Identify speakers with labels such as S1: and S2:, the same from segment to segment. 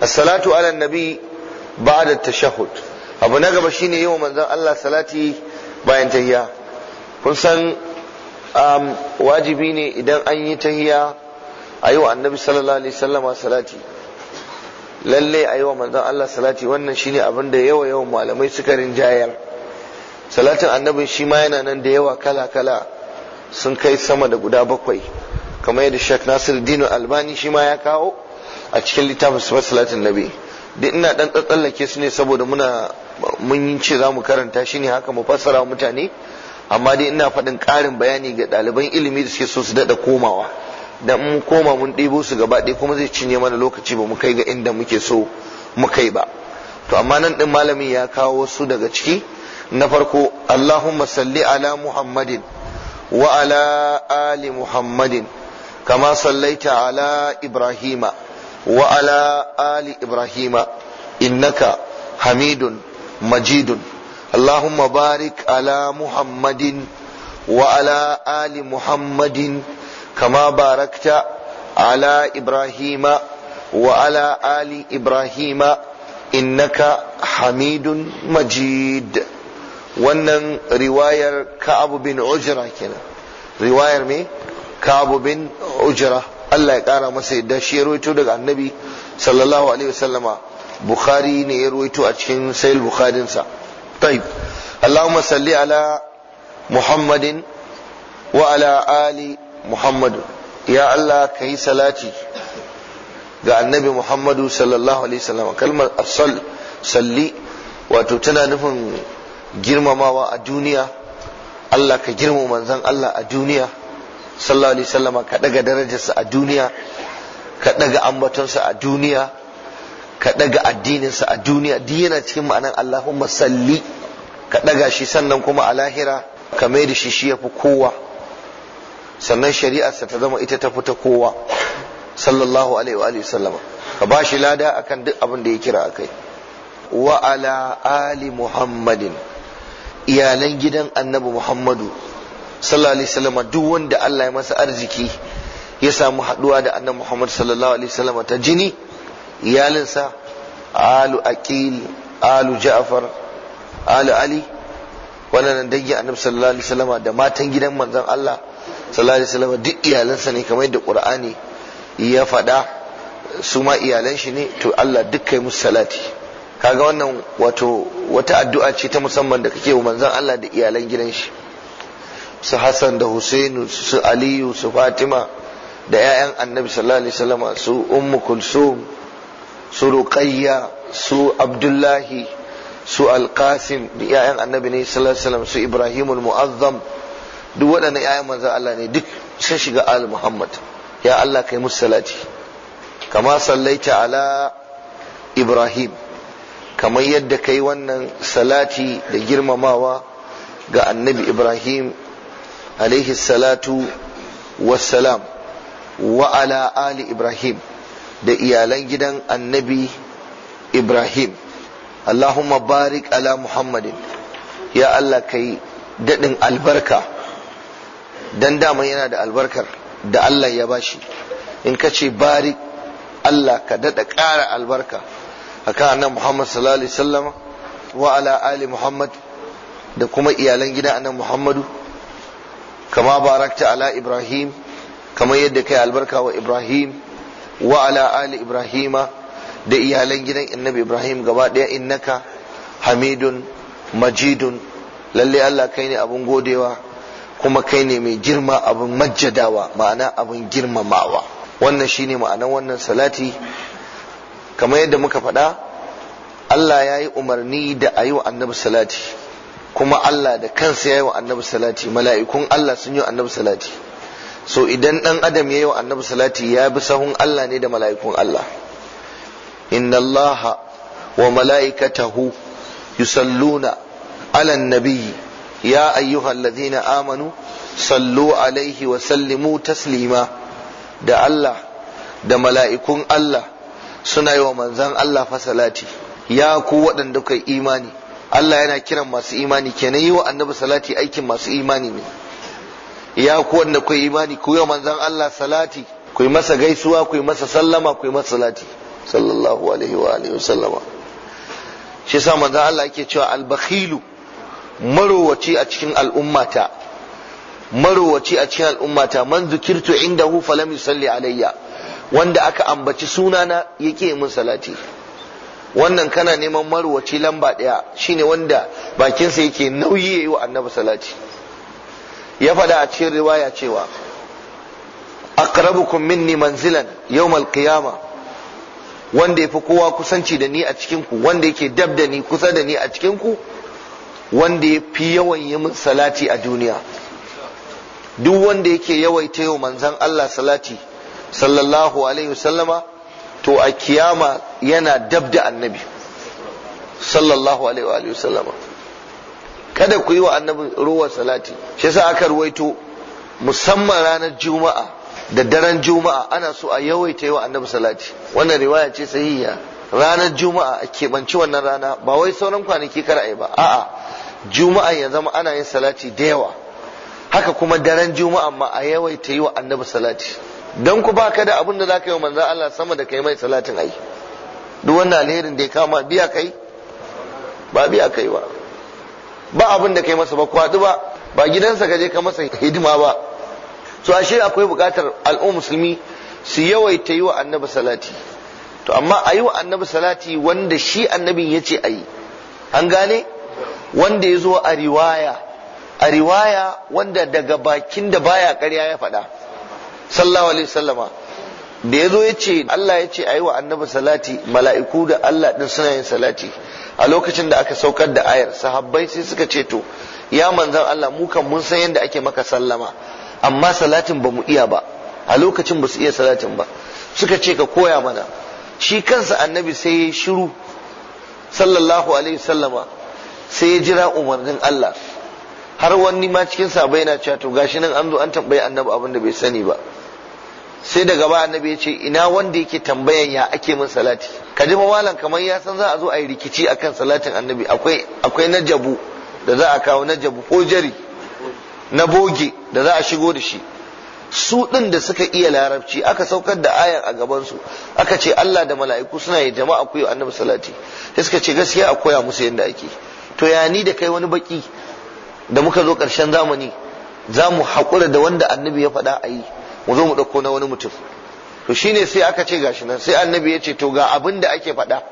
S1: as-salatu ala nabi da tashahud abu na gaba shine yi wa manzon Allah salati bayan tahiyya kun san um, wajibi ne idan an yi tahiyya a yi wa annabi sallallahu alaihi wasallam salati lalle a yi wa manzon Allah salati wannan shine abin da yawa yawan malamai suka rinjayar salatin annabi shi ma yana nan da yawa kala kala sun kai sama da guda bakwai kamar yadda Sheikh Nasir Albani shi ma ya kawo a cikin littafin sifar salatin nabi duk ina dan tsallake su ne saboda muna mun yi ce za mu karanta shi ne haka mu fassara mutane amma dai ina faɗin ƙarin bayani ga ɗaliban ilimi da suke so su daɗa komawa da mun koma mun ɗebo su gaba ɗaya kuma zai cinye mana lokaci ba mu kai ga inda muke so mu kai ba to amma nan ɗin malamin ya kawo wasu daga ciki na farko Allahumma salli ala Muhammadin wa ala ali Muhammadin kama sallaita ala Ibrahima wa ala ali ibrahima innaka hamidun majidun allahumma barik ala muhammadin wa ali muhammadin kama barakta ala ibrahima wa'ala ala ali ibrahima innaka hamidun majid wannan riwayar ka'ab bin ujra kenan riwayar me ka'ab bin ujra Allah ya kara masa yadda shi ya rawaito daga annabi sallallahu alaihi wasallama bukhari ne ya rawaito a cikin sahih bukharin sa allahumma salli ala muhammadin wa ala ali muhammad ya allah kai salati ga annabi Muhammadu sallallahu alaihi wasallam kalmar asal salli wato tana nufin girmamawa a duniya Allah ka girmama manzon Allah a duniya sallallahu alaihi wasallam ka daga darajarsa a duniya ka daga ambatonsa a duniya ka daga addininsa a duniya duk yana cikin ma'anar Allahumma salli ka daga shi sannan kuma a lahira ka mai da shi shi yafi kowa sannan shari'arsa ta zama ita ta fita kowa sallallahu alaihi wa alihi sallama ka ba shi lada akan duk abin da ya kira akai wa ala ali muhammadin iyalan gidan annabi muhammadu sallallahu alaihi wasallam duk wanda Allah ya masa arziki ya samu haduwa da annabi Muhammad sallallahu alaihi wasallam ta jini iyalinsa alu aqil alu ja'far alu ali wannan dangin annabi sallallahu alaihi wasallam da matan gidan manzon Allah sallallahu alaihi wasallam duk iyalansa ne kamar yadda Qur'ani ya faɗa su ma iyalan shi ne to Allah duk kai musu salati kaga wannan wato wata addu'a ce ta musamman da kake wa manzon Allah da iyalan gidan shi su Hassan da Husainu su Aliyu su Fatima da 'ya'yan annabi sallallahu alaihi wasallam su ummu kulsum su ruqayya su abdullahi su alqasim da 'ya'yan annabi ne sallallahu alaihi su ibrahimul mu'azzam duk waɗannan 'ya'yan manzo Allah ne duk sun shiga al muhammad ya Allah kai musu salati kama sallaita ala ibrahim kamar yadda kai wannan salati da girmamawa ga annabi ibrahim alaihi salatu wassalam wa ala ali ibrahim da iyalan gidan annabi ibrahim allahumma barik ala muhammadin ya allah kai daɗin albarka don dama yana da albarkar da allah ya bashi in ka ce barik allah ka daɗa ƙara albarka akan annabi muhammad ali muhammad da kuma iyalan gidan annabi muhammadu kama barakta ala ibrahim kama yadda kai albarka wa ibrahim wa ala ali ibrahima da iyalan gidan annabi ibrahim gaba daya innaka hamidun majidun lalle allah kai ne abun godewa kuma kai ne mai girma abun majjadawa ma'ana abun girmamawa wannan shine ma'anar wannan salati kamar yadda muka faɗa allah ya yi umarni da a yi wa annabi salati kuma Allah da kansa ya yi wa annabi salati mala'ikun Allah sun yi wa annabi salati so idan dan adam ya yi wa annabi salati ya bi sahun Allah ne da mala'ikun Allah inna Allah wa mala'ikatahu yusalluna ala nabiyyi ya ayyuhalladhina amanu sallu alaihi wa sallimu taslima da Allah da mala'ikun Allah suna yi wa manzan Allah fa salati ya ku waɗanda kai imani Allah yana kiran masu imani kenan yi wa annabi salati aikin masu imani ne ya ku wanda ku imani ku yi manzon Allah salati ku masa gaisuwa ku masa sallama ku masa salati sallallahu alaihi wa alihi wasallama shi yasa manzon Allah yake cewa al-bakhilu marowaci a cikin al'ummata marowaci a cikin al'ummata man zukirtu indahu falam yusalli alayya wanda aka ambaci sunana yake min salati wannan kana neman marwaci lamba ɗaya shine wanda bakinsa yake nauyi ya yi wa annabi salati ya faɗa a cikin riwaya cewa aqrabukum minni manzilan yawm alqiyama wanda yafi kowa kusanci da ni a cikin ku wanda yake dab da ni kusa da ni a cikin ku wanda yafi yawan yi min salati a duniya duk wanda yake yawaita yau manzon Allah salati sallallahu alaihi wasallama to a kiyama yana dab da annabi sallallahu alaihi wa sallama kada ku yi wa annabi ruwa salati shi yasa aka ruwaito musamman ranar juma'a da daren juma'a ana so a yawaita yi wa annabi salati wannan riwaya ce sahihiya ranar juma'a a keɓanci wannan rana ba wai sauran kwanaki kar a ba a'a juma'a ya zama ana yin salati da yawa haka kuma daren juma'a ma a yawaita yi wa annabi salati don ku ba ka da abin da za ka yi wa manzan Allah sama da kai mai salatin ai duk wannan alherin da ya kama biya kai ba biya kai ba ba abin da kai masa ba kwadu ba ba gidansa gaje ka masa hidima ba to ashe akwai bukatar al'ummar musulmi su yawaita yi wa annabi salati to amma a yi wa annabi salati wanda shi annabin ya ce a yi an gane wanda ya zo a riwaya a riwaya wanda daga bakin da baya karya ya faɗa sallallahu alaihi wasallama da ya zo ya ce Allah ya ce ayi wa annabi salati mala'iku da Allah din suna yin salati a lokacin da aka saukar da ayar sahabbai sai suka ce to ya manzan Allah mu kan mun san yadda ake maka sallama amma salatin ba mu iya ba a lokacin ba su iya salatin ba suka ce ka koya mana shi kansa annabi sai ya shiru sallallahu alaihi sallama sai ya jira umarnin Allah har wani ma cikin sabai na cewa to gashi nan an zo an tambayi annabi abin da bai sani ba sai daga ba annabi ya ce ina wanda yake tambayan ya ake min salati ka ji malam kamar ya san za a zo a yi rikici akan salatin annabi akwai akwai na jabu da za a kawo na jabu ko jari na boge da za a shigo da shi su ɗin da suka iya larabci aka saukar da ayan a gabansu aka ce Allah da mala'iku suna yi jama'a ku yi annabi salati sai suka ce gaskiya a koya musu yadda ake to ya ni da kai wani baki da muka zo karshen zamani za mu haƙura da wanda annabi ya faɗa a yi mu zo mu ɗauko na wani mutum to shine sai aka ce gashi nan sai annabi ya ce to ga abin da ake faɗa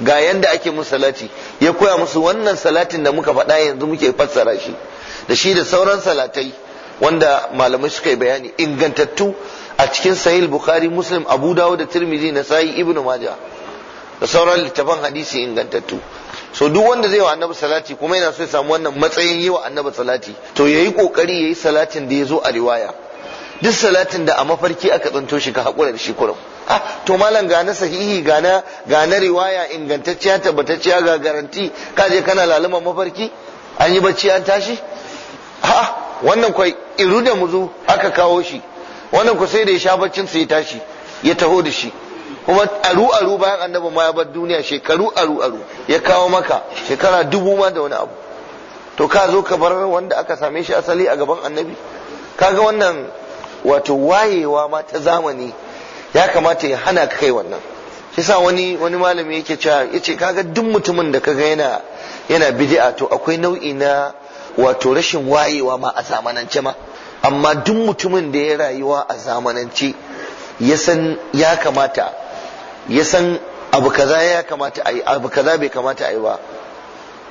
S1: ga yanda ake musu salati ya koya musu wannan salatin da muka faɗa yanzu muke fassara shi da shi da sauran salatai wanda malamai suka yi bayani ingantattu a cikin sahih bukhari muslim abu dawud da tirmidhi nasai ibnu majah da sauran littafan hadisi ingantattu so duk wanda zai wa annabi salati kuma yana so ya samu wannan matsayin yi wa annabi salati to yayi kokari yayi salatin da ya zo a riwaya duk salatin da a mafarki aka tsinto shi ka haƙura da shi kurum ah to malam ga na sahihi ga na ga na riwaya ingantacciya tabbatacciya ga garanti ka je kana laluma mafarki an yi bacci an tashi ah wannan kwai iru da muzu aka kawo shi wannan ku sai da ya sha baccin sai ya tashi ya taho da shi kuma aru aru bayan annabi ma ya bar duniya shekaru aru aru ya kawo maka shekara dubu ma da wani abu to ka zo ka bar wanda aka same shi asali a gaban annabi kaga wannan wato wayewa ma ta zamani ya kamata ya hana ka kai wannan shi sa wani wani malami yake cewa yace kaga duk mutumin da kaga yana yana bid'a to akwai nau'i na wato rashin wayewa ma a zamanance ma amma duk mutumin da ya rayuwa a zamanance ya san ya kamata ya san abu kaza ya kamata a abu kaza bai kamata a ba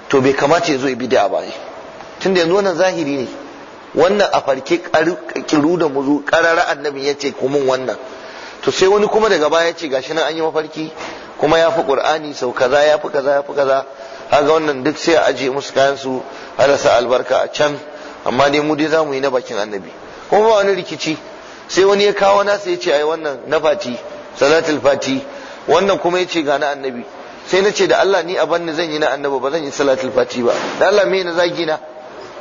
S1: to bai kamata ya zo ya bid'a ba tunda yanzu wannan zahiri ne wannan a farke kiru da muzu karara annabi ya ce kumin wannan to sai wani kuma daga baya ya ce gashi nan an yi mafarki kuma ya fi qur'ani sau kaza ya fi kaza ya fi kaza haga wannan duk sai a aje musu kayan su sa albarka a can amma dai mu dai za mu yi na bakin annabi kuma ba wani rikici sai wani ya kawo nasa ya ce ai wannan na fati salatul fati wannan kuma ya ce ga na annabi sai na ce da Allah ni a banni zan yi na annabi ba zan yi salatul fati ba da Allah me na zagi na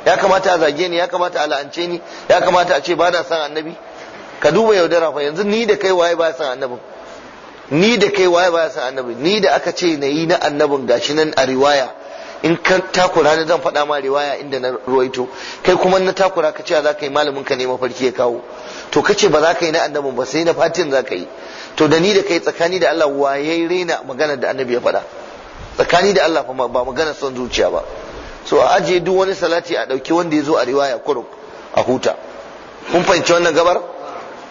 S1: ya kamata a zage ni ya kamata a la'ance ni ya kamata a ce ba na san annabi ka duba yaudara fa yanzu ni da kai waye ba san annabin ni da kai waye ba san annabi ni da aka ce na yi na annabin gashi nan a riwaya in ka takura na zan faɗa ma riwaya inda na ruwaito kai kuma na takura ka ce za ka yi malamin ka ne mafarki ya kawo to ka ce ba za ka yi na annabin ba sai na fatin za ka yi to da ni da kai tsakani da Allah waye raina maganar da annabi ya faɗa tsakani da Allah ba maganar son zuciya ba so a ajiye duk wani salati a ɗauki wanda ya zo a riwaya kuruk a huta kun fahimci wannan gabar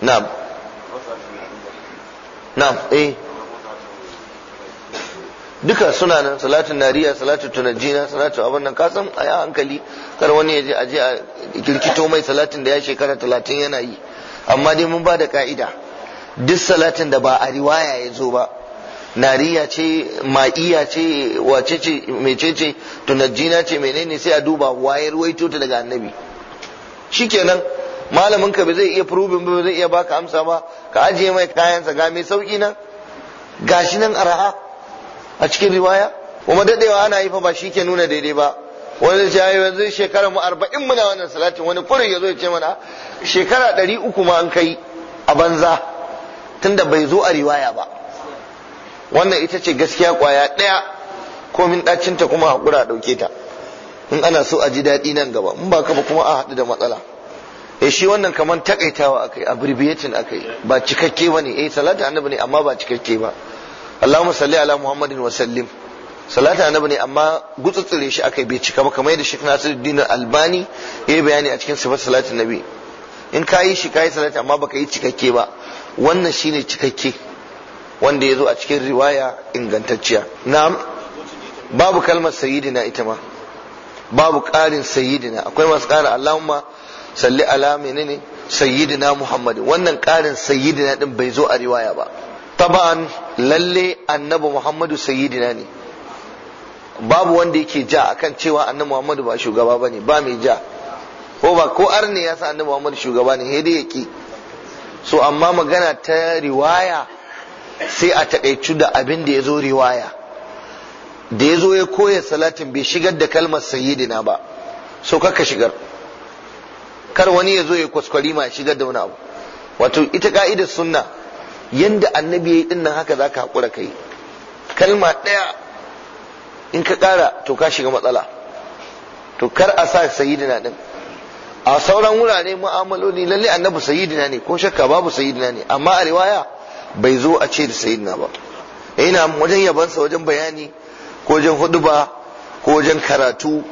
S1: na'am na'am eh duka suna nan salatin nariya salatu tunajina salatu abin nan kasan a yi hankali kar wani ya je je a kirkito mai salatin da ya shekara talatin yana yi amma dai mun ba da ka'ida duk salatin da ba a riwaya ya zo ba nariya ce ma'iya ce wace ce mecece tunajjina ce menene sai a duba wayar waito ta daga annabi shikenan malamin ka ba zai iya furubin ba zai iya baka amsa ba ka ajiye mai kayansa ga mai sauki nan gashi nan araha a cikin riwaya kuma dadewa ana yi fa ba shi ke nuna daidai ba wani ce ayi yanzu shekara mu arba'in muna wannan salatin wani kurin ya zo ya ce mana shekara ɗari uku ma an kai a banza tunda bai zo a riwaya ba wannan ita ce gaskiya kwaya ɗaya komin ɗacinta kuma haƙura ɗauke ta in ana so a ji daɗi nan gaba in ba ka ba kuma a haɗu da matsala e shi wannan kamar takaitawa akai aka akai ba cikakke ba ne eh salatu annabi ne amma ba cikakke ba Allahumma salli ala Muhammadin wa sallim salatu annabi ne amma gutsutsure shi akai bai cika ba kamar yadda Sheikh Nasiruddin Albani ya yi bayani a cikin sifar salatu nabi in ka yi shi ka yi salatu amma baka yi cikakke ba wannan shine cikakke wanda ya zo a cikin riwaya ingantacciya na'am babu kalmar sayyidina ita ma babu ƙarin sayyidina akwai masu ƙara allahumma salli ala menene sayyidina Muhammadu. wannan ƙarin sayyidina din bai zo a riwaya ba taban lalle annabi muhammadu sayyidina ne babu wanda yake ja akan cewa annabi muhammadu ba shugaba bane ba mai ja ko ba ko arne ya sa annabi muhammadu shugaba ne dai yake so amma magana ta riwaya sai a taƙaicu da abin da ya zo riwaya da ya zo ya koya salatin bai shigar da kalmar sayyidina ba so kaka shigar kar wani ya zo ya kwaskwari ma shigar da wani abu wato ita ka'ida sunna yanda annabi ya yi dinnan haka za ka haƙura ka yi kalma ɗaya in ka ƙara to ka shiga matsala to kar a sa sayyidina din a sauran wurare ma'amaloli, lalle annabi sayyidina ne ko shakka babu sayyidina ne amma a riwaya bai zo a ce da sayyidina ba yana wajen yabansa wajen bayani ko wajen huduba ko wajen karatu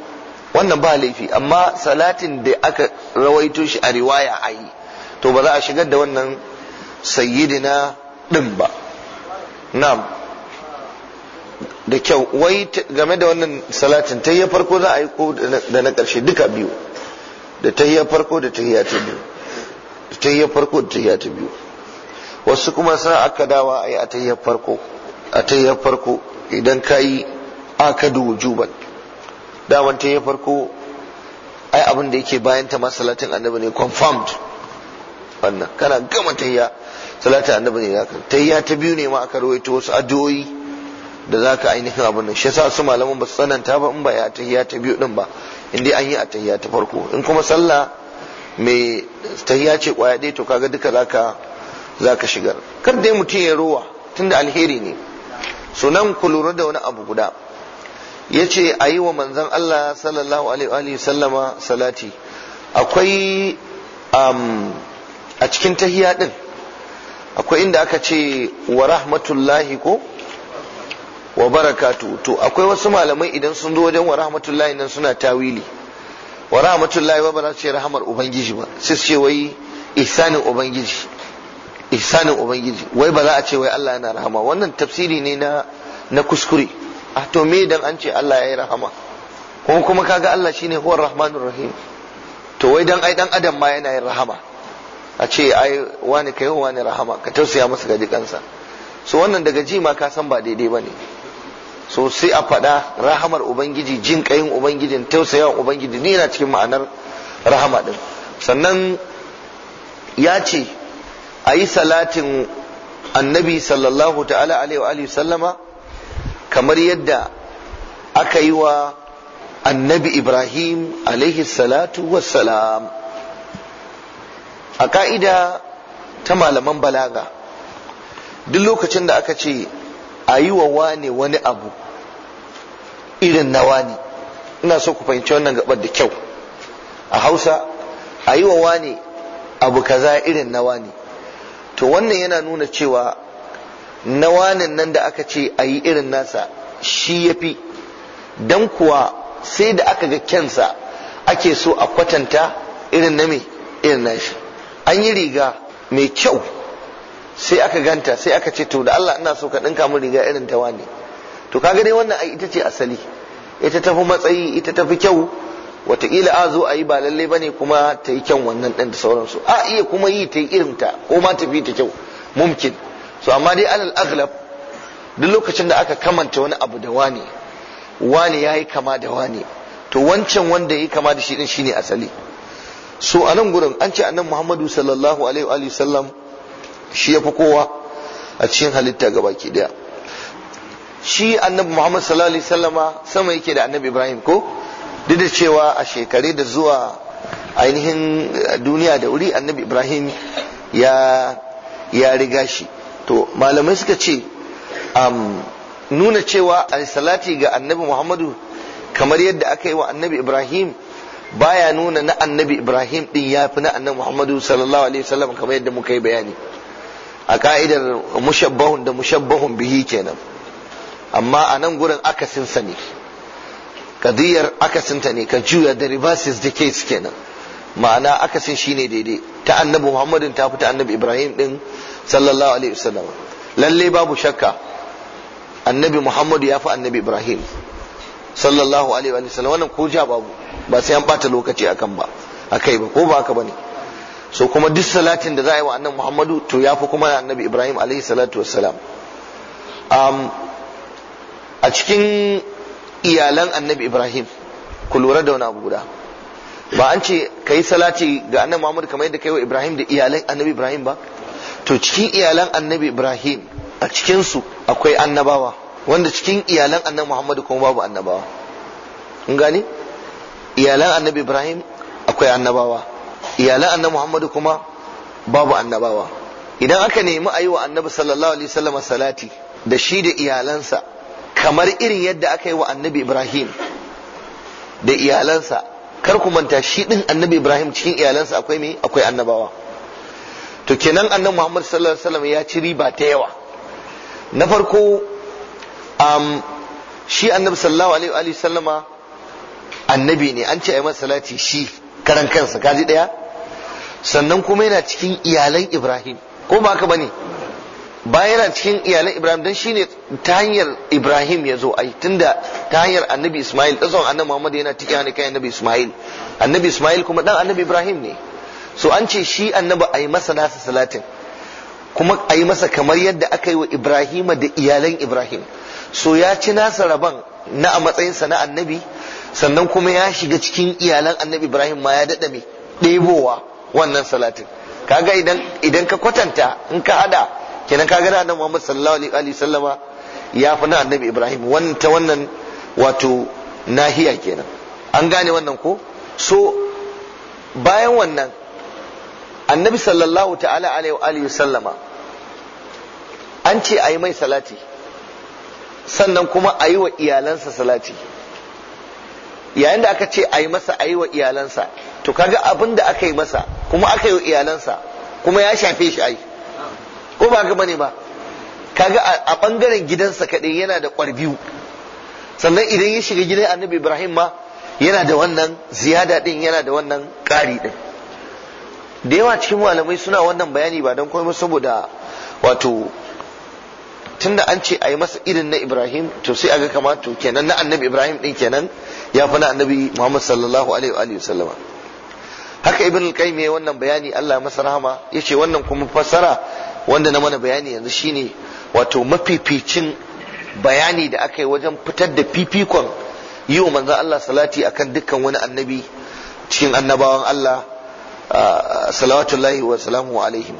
S1: wannan ba laifi amma salatin da aka rawaito shi a riwaya a yi to ba za a shigar da wannan sayyidina din ba na'am da kyau wai game da wannan salatin ta farko za a yi ko da na ƙarshe duka biyu da ta farko da ta biyu da ta farko da ta biyu wasu kuma sa aka dawa a atayyar farko atayyar farko idan ka yi aka da wujuban daman tayyar farko ai abin da yake bayan ta ma salatin annabi ne confirmed wannan kana gama tayya salatin annabi ne zaka tayya ta biyu ne ma aka rawaito wasu addu'o'i da zaka ainihin abin nan shi yasa su malaman ba su tsananta ba in ba ya tayya ta biyu din ba in dai an yi a tayya ta farko in kuma sallah mai tayya ce kwaya dai to kaga duka zaka za ka shigar kar dai mutum ya rowa da alheri ne sunan ku lura da wani abu guda ya ce a yi wa manzan Allah sallallahu alaihi sallama salati akwai um, a cikin tahiya din akwai inda aka ce wa rahmatullahi ko wa barakatu to akwai wasu malamai idan sun zo wajen wa rahmatullahi nan suna tawili wa rahmatullahi ba ba za su ce rahamar ubangiji ba sai su ce wai ihsanin ubangiji ihsanin ubangiji wai ba za a ce wai Allah yana rahama wannan tafsiri ne na na kuskure a ah, to me dan an ce Allah yayi rahama ko kuma kaga Allah shine huwar rahmanur rahim to wai dan ai dan adam ma yana yin rahama a ce ai wani kai wani rahama ka tausaya masa ga jikansa so wannan daga ji ma ka san ba daidai bane so sai a faɗa rahamar ubangiji jin kayin ubangijin tausayawan ubangiji ne yana cikin ma'anar rahama din sannan ya ce a yi salatin annabi sallallahu ta'ala alaihi sallama kamar yadda aka yi wa annabi ibrahim alaihi salatu wassalam a ka'ida ta malaman balaga duk lokacin da aka ce a yi wa wane wani abu irin na wani ina so ku fahimci wannan gabar da kyau a hausa a yi wa wane abu kaza irin na wani to wannan yana nuna cewa na wanin nan da aka ce a yi irin nasa shi ya fi don kuwa sai da aka ga kyansa ake so a kwatanta irin na me irin nashi an yi riga mai kyau sai aka ganta sai aka ce to da Allah ina so ka ɗinka mun riga irin ta wani to kaga dai wannan ai ita ce asali ita tafi matsayi ita tafi kyau wataƙila a zo a yi ba lallai ba ne kuma ta yi kyan wannan ɗan da sauransu a iya kuma yi ta yi ta ko ma ta ta kyau mumkin su amma dai alal aghlab duk lokacin da aka kamanta wani abu da wani wani ya yi kama da wani to wancan wanda ya yi kama da shi shi ne asali so a nan gurin an ce annan muhammadu sallallahu alaihi wa sallam shi ya fi kowa a cikin halitta baki daya shi annabi muhammad sallallahu alaihi sallama sama yake da annabi ibrahim ko duk da cewa a shekare da zuwa ainihin eh, duniya da wuri annabi ibrahim ya ya riga shi to malamai suka ce nuna cewa a salati ga annabi muhammadu kamar yadda aka yi wa annabi ibrahim baya nuna na annabi ibrahim din ya fi na annabi muhammadu sallallahu alaihi wasallam kamar yadda muka yi bayani a ka'idar mushabbahun da mushabbahun bihi kenan amma a nan gurin akasin sa ne kadiyar akasinta ne ka juya da reverses da suke kenan ma'ana akasin shine daidai ta annabi muhammadin ta fita annabi ibrahim din sallallahu alaihi wasallam lalle babu shakka annabi muhammadu ya fi annabi ibrahim sallallahu alaihi wasallam wannan ko ja babu ba sai an bata lokaci akan ba akai ba ko ba haka bane so kuma duk salatin da za a yi wa annabi muhammadu to ya fi kuma annabi ibrahim alaihi salatu wassalam um, a cikin iyalan annabi ibrahim ku lura da wani abu guda ba an ce ka yi salati ga annabi muhammad kamar yadda kai wa ibrahim da iyalan annabi ibrahim ba to cikin iyalan annabi ibrahim a cikinsu akwai annabawa wanda cikin iyalan annabi muhammad kuma babu annabawa kun gane iyalan annabi ibrahim akwai annabawa iyalan annabi muhammad kuma babu annabawa idan aka nemi a yi wa annabi sallallahu alaihi wasallam salati da shi da iyalansa kamar irin yadda aka yi wa annabi ibrahim da iyalansa kar ku manta shi din annabi ibrahim cikin iyalansa akwai me akwai annabawa to kenan annabi muhammad sallallahu alaihi wasallam ya ci riba ta yawa na farko um, shi annabi sallallahu alaihi sallama annabi ne an ce ayi masa salati shi karan kansa kaji daya sannan kuma yana cikin iyalan ibrahim ko ba haka bane bayan yana cikin iyalan Ibrahim dan shine ta hanyar Ibrahim ya zo ai tunda ta hanyar Annabi Ismail tsawon Annabi Muhammadu yana tiki hannun kai Annabi Ismail Annabi Ismail kuma dan Annabi Ibrahim ne so an ce shi Annabi yi masa nasa salatin kuma a yi masa kamar yadda aka yi wa Ibrahima da iyalan Ibrahim so ya ci nasa rabon na a matsayinsa na Annabi sannan kuma ya shiga cikin iyalan Annabi Ibrahim ma ya dada mai ɗebowa wannan salatin kaga idan idan ka kwatanta in ka hada kenan ka da nan Muhammad sallallahu alaihi sallama ya fi na annabi Ibrahim wanta wannan wato nahiya kenan an gane wannan ko so bayan wannan annabi sallallahu ta'ala alaihi sallama an ce a yi mai salati sannan kuma a yi wa iyalansa salati yayin da aka ce a yi masa a yi wa iyalansa to kaga abin da aka yi masa kuma aka yi wa iyalansa kuma ya shafe shi ai ko ba ga bane ba kaga a bangaren gidansa kadai yana da kwarbiyu sannan idan ya shiga gidan annabi ibrahim ma yana da wannan ziyada din yana da wannan ƙari din da yawa cikin malamai suna wannan bayani ba don komai saboda wato tunda an ce a yi masa irin na ibrahim to sai aga kama to kenan na annabi ibrahim din kenan ya fi na annabi muhammad sallallahu alaihi wa sallama haka ibn al-qayyim wannan bayani Allah ya masa rahama yace wannan kuma fassara wanda na mana bayani yanzu shine wato mafificin bayani da aka yi wajen fitar da fifikon yi wa manzan Allah salati akan dukkan wani annabi cikin annabawan Allah salawatullahi wa salamu alaihim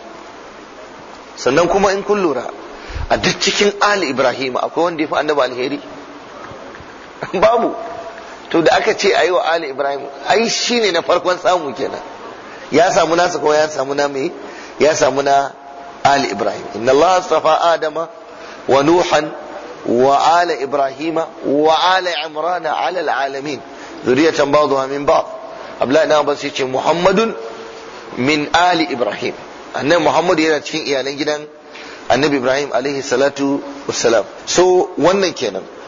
S1: sannan kuma in kun lura a duk cikin ali ibrahim akwai wanda ya fi annabi alheri babu to da aka ce yi wa ali ibrahim ai shine na farkon samu kenan ya samu nasa kuma ya samu na me ya samu na آل إبراهيم إن الله اصطفى آدم ونوحا وآل إبراهيم وآل عمران على العالمين ذرية بعضها من بعض أبلا نابس محمد من آل إبراهيم أن محمد yana cikin iyalan gidan annabi Ibrahim alaihi salatu wassalam so wannan kenan